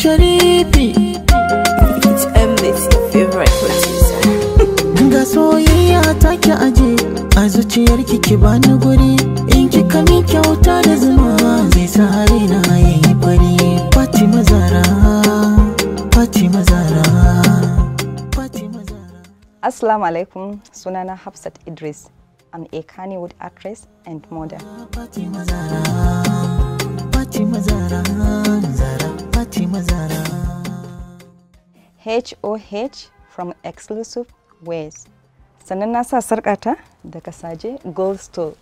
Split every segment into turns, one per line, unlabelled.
sharifi It's Emmett, favorite producer Ga soyayya take aje a zuciyar ki bani guri In kika min kyauta da zuma zai sa harina yayi fari Fatima Zara Fatima Zara Assalamu alaikum sunana Hafsat Idris I'm a Kannywood actress and model. Fatima Zara, Fatima Zara. HOH from exclusive ways. Sannan na sa sarƙata da kasaje gold stole.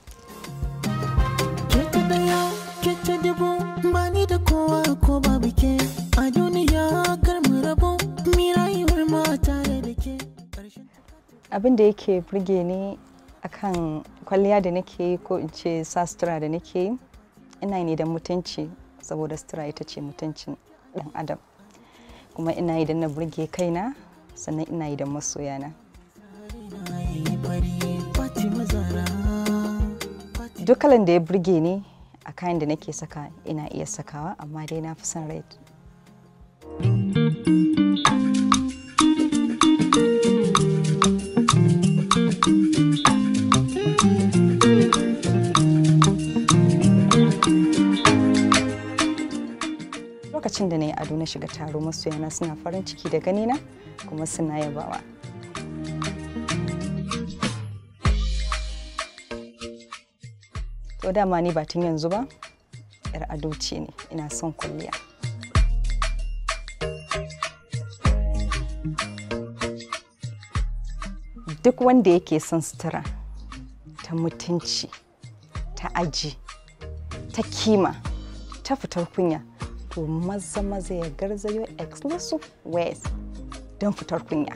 da kowa ko ba a duniya kar mu rabu mi rayuwar mata da abin da yake burge ni akan kwalliya da nake ko in ce sastra da nake yi ina ne da mutunci saboda sutura ita ce mutuncin dan adam kuma ina yi da na burge kaina sannan ina yi don masoyana duk kalan da ya burge ni a kayan da nake saka ina iya sakawa amma dai na fi son rai. lokacin da na yi ado na shiga taro yana suna farin ciki da ganina kuma suna yabawa to dama ni ba tun yanzu ba yar ado ce ne ina son kwalliya duk wanda yake son sutura ta mutunci ta aji ta kima ta fitar kunya to maza maza ya garzayo exclusive ways don fitar kunya.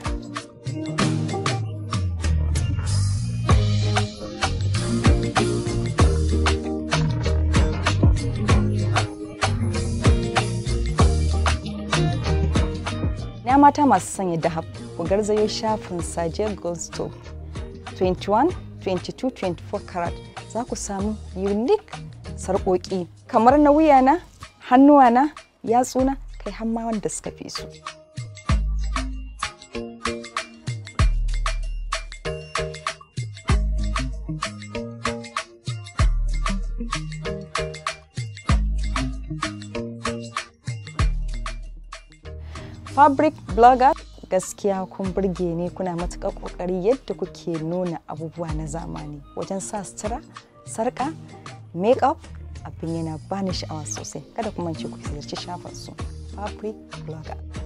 Na mata masu sanya dahab ku garzayo shafin Saje Gosto 21, 22, 24 karat za ku samu unique sarƙoƙi kamar na wuya na hannuwana na yatsuna kai hamma wanda suka fi su fabric blogger gaskiya kun burge ne kuna matuƙar ƙoƙari yadda kuke nuna abubuwa na zamani wajen sa sutura sarƙa makeup abin yana bani sha'awa sosai kada kuma ce ku ziyarci shafin su fabric blogger